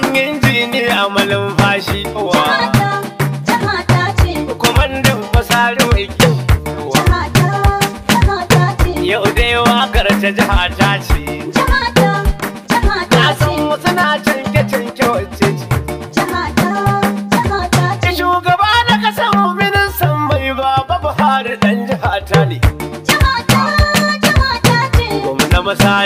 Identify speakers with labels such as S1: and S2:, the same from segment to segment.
S1: babban injini a malumfashi wa
S2: kwamandan fasarin ikin
S1: yau dai wakar ta jiha ta ce
S2: ta san
S1: wasu na canke-canke wacce ce Buhari dan jihata ne.
S2: Jihata, jihata ce.
S1: Gwamna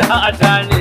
S1: da a tane.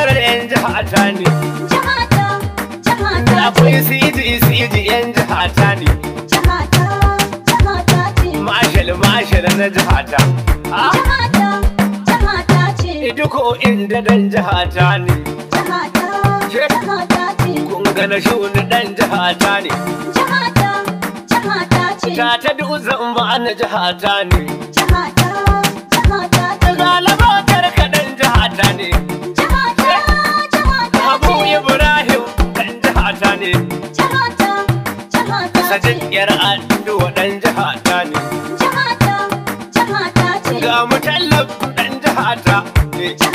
S1: general yan jihata ne
S2: Jama'a jama'a ta, ce. jihata akwai
S1: siji siji yan jihata ne
S2: Jama'a jama'a ta ce
S1: mashal mashal na jihata
S2: ah. Jama'a jama'a ta
S1: ce e, duk duko inda dan jihata ne Jama'a ta, ce kun ga na shuni dan jihata ne Jama'a
S2: ta, ce ta
S1: ta duzan ba na jihata ne
S2: Jama'a jama'a ta ce
S1: galaba karkadan jihata ne Ibrahim ɗan jihata ne. ce. Sajin ƴar Addu'a ɗan jihata ne.
S2: ce. Ga
S1: mutallab ɗan jihata ne. ce.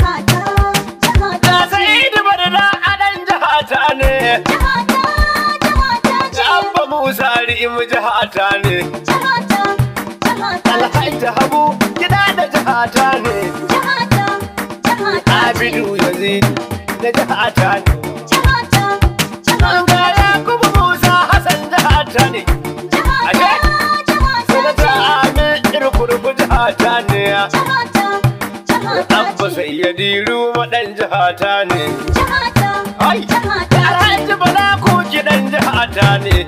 S2: Ga Sa'idu Badala
S1: a ɗan jihata ne. Jihata, ce. Abba Musa Ri'imu jihata ne. ce. Alhaji Habu gida da jihata ne. Jihata, Abidu Yazid da jihata ne. jihata ne Abba sayyadi ruwa ɗan jihata ne
S2: Alhaji bala ko ki ɗan
S1: jihata ne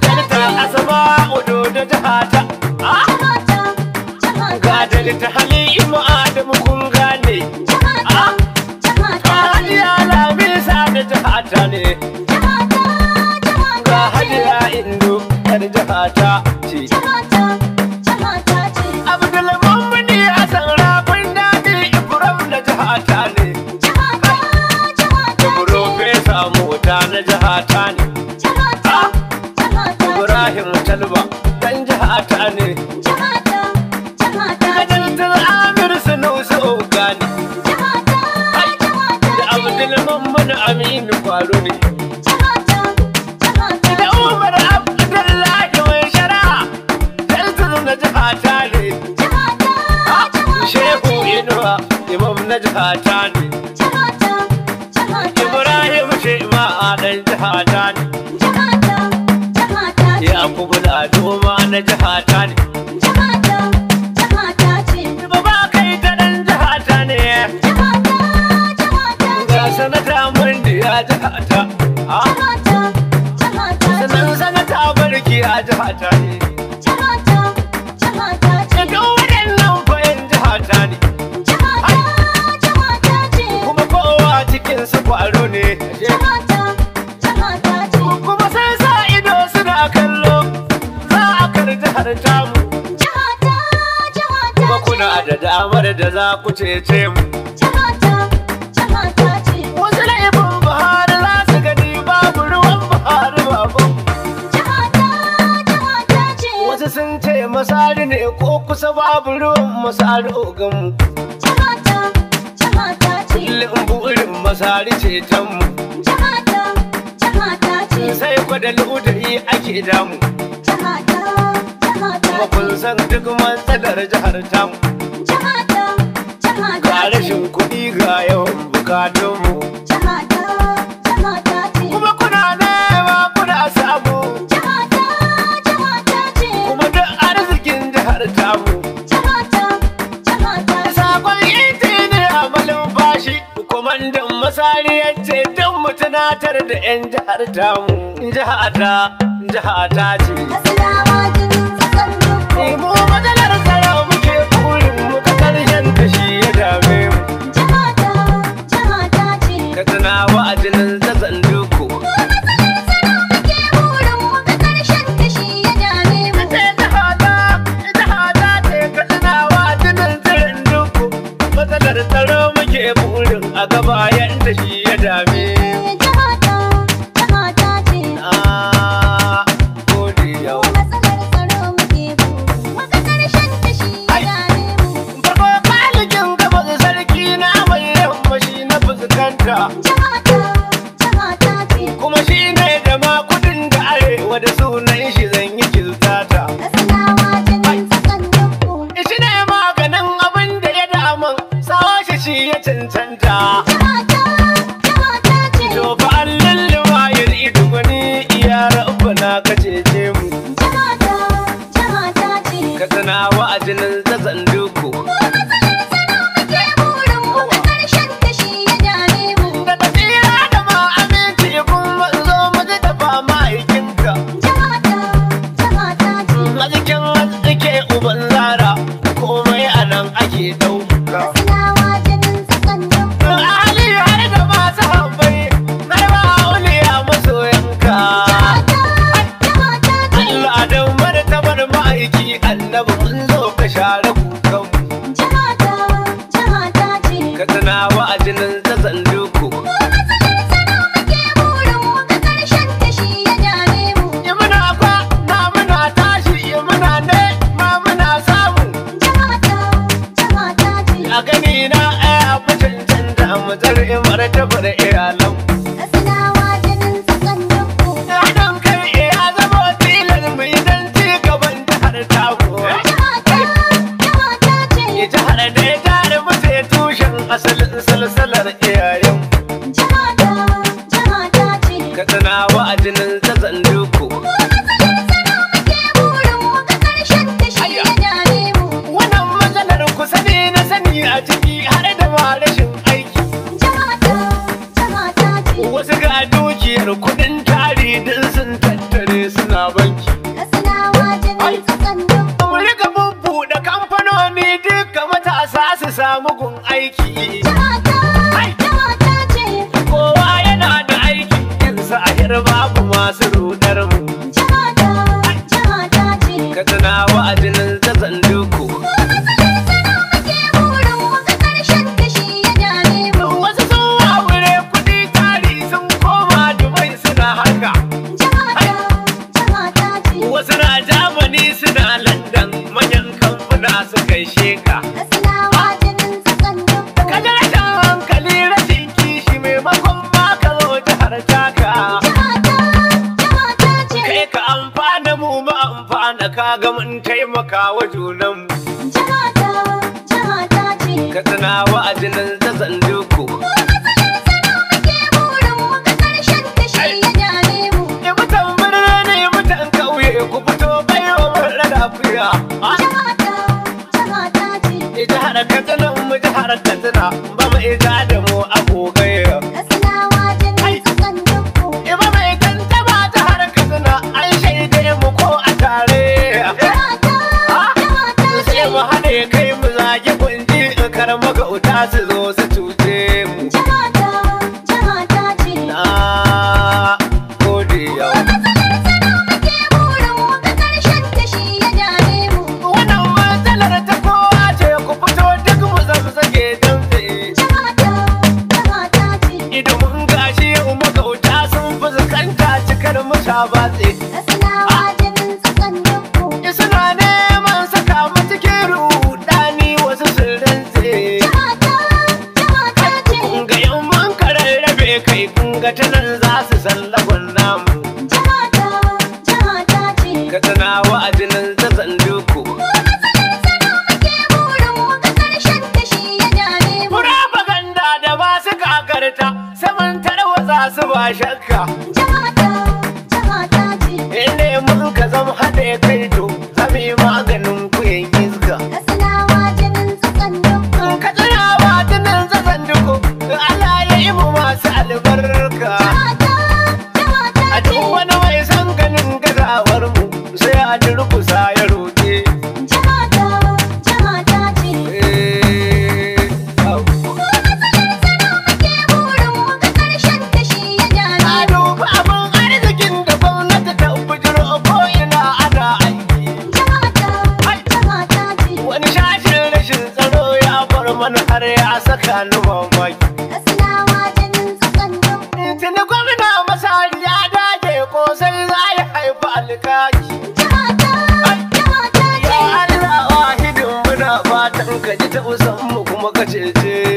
S1: Dalta asaba udo da jihata Ga dalta hali ima had a jihar tamu kuma kuna da damar da za ku ce mu wasu laifin buhari za su gani babu ruwan buhari ce. wasu sun ce masari ne ko kusa babu ruwan masari ogan mu burin masari can mu sai kwadalo da ake damu kuma kun san duk matsalar jihar tamu. Ga rashin kuɗi ga yawan bukatunmu. Kuma kuna nema kuna samu. Kuma duk arzikin jihar tamu. Sakon inti ne a malin bashi. Kwamandan masari ce don mu tunatar da 'yan jihar tamu. Jihar ta, jihar ta ce. same jama'ata Jihata, ce. Ka tunawa a mu zar'in martaba da aiki. ga mun taimaka wa mu jama'a
S2: jama'a ce.
S1: Ka a wa ajinan kaji ka ji mu kuma cece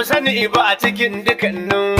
S1: musani sani ba a cikin dukannin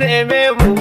S1: neme mu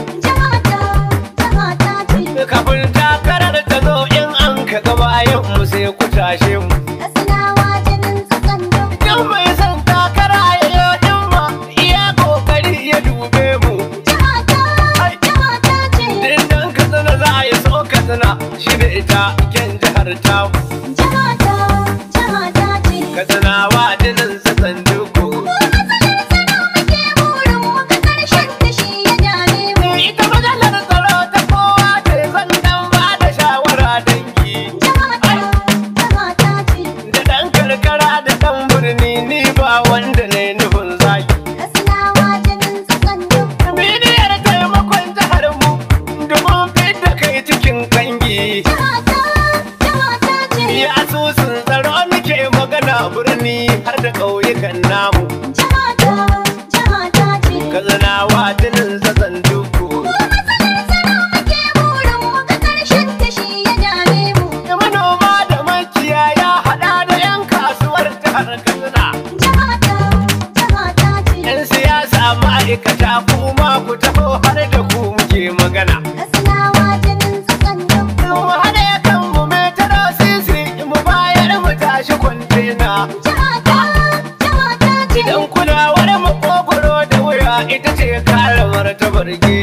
S1: gidan kulawar makogoro da wuya ita ce kalamar ta barge.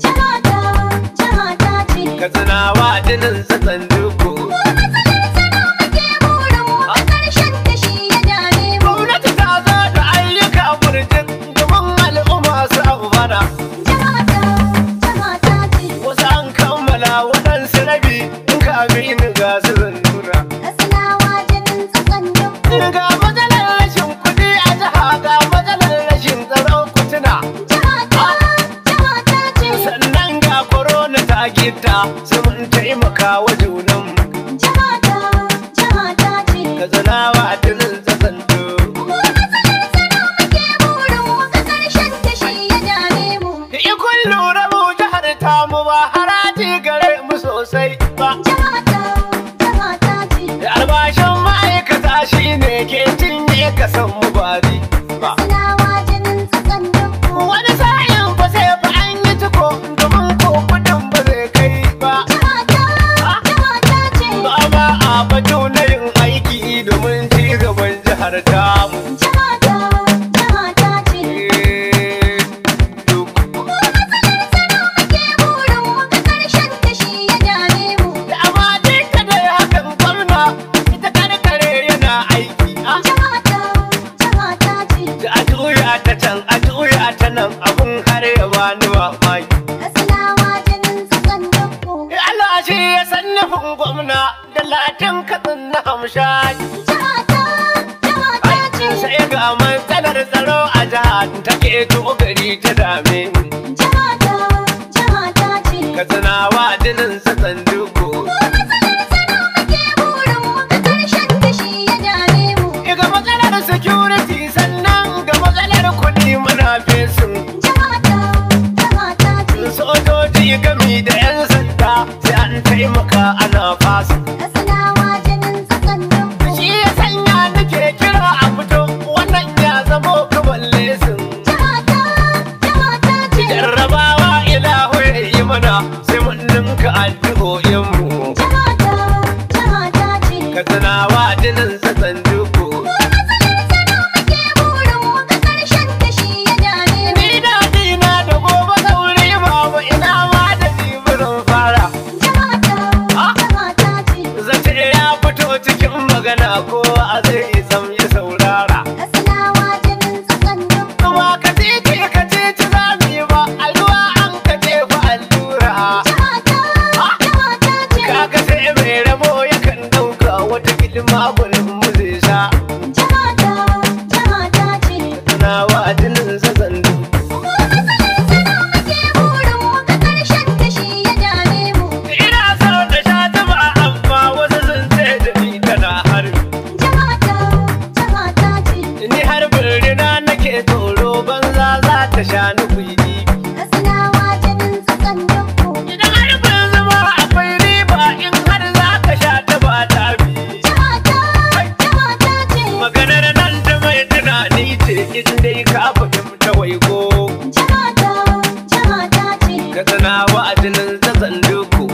S2: Jihata,
S1: jihata ce. Ka tunawa jinin zaka. fito ta dame mu.
S2: Jama'ata, jama'ata ce.
S1: Ka tsanawa jinin sa sanduku.
S2: Ga matsalar
S1: security sannan ga matsalar kuɗi muna fesu Jama'ata, jama'ata ce. Sojoji gami da 'yan sanda sai an taimaka ana fasa. hidima jinin ta zanduku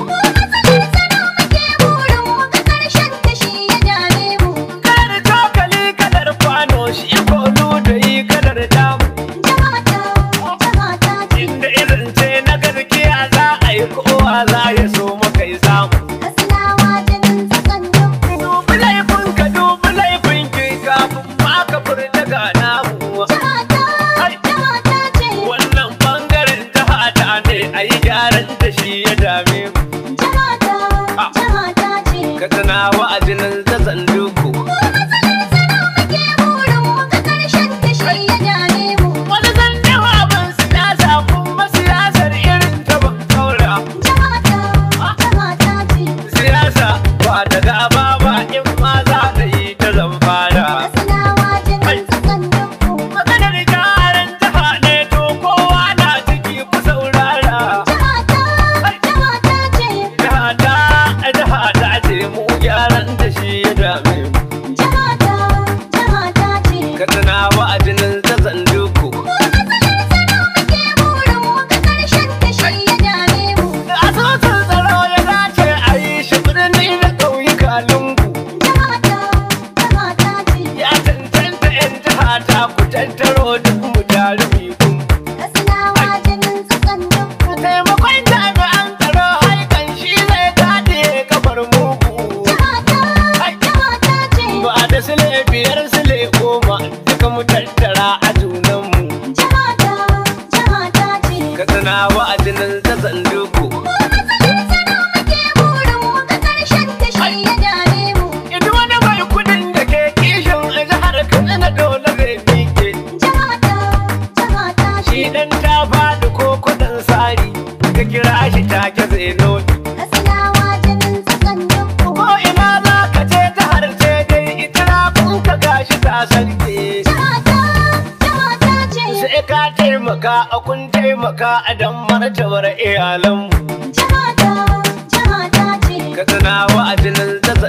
S1: sai ka taimaka a kun taimaka a dan martabar iyalanmu.
S2: jama'a ta ce. Ka
S1: tana a da ta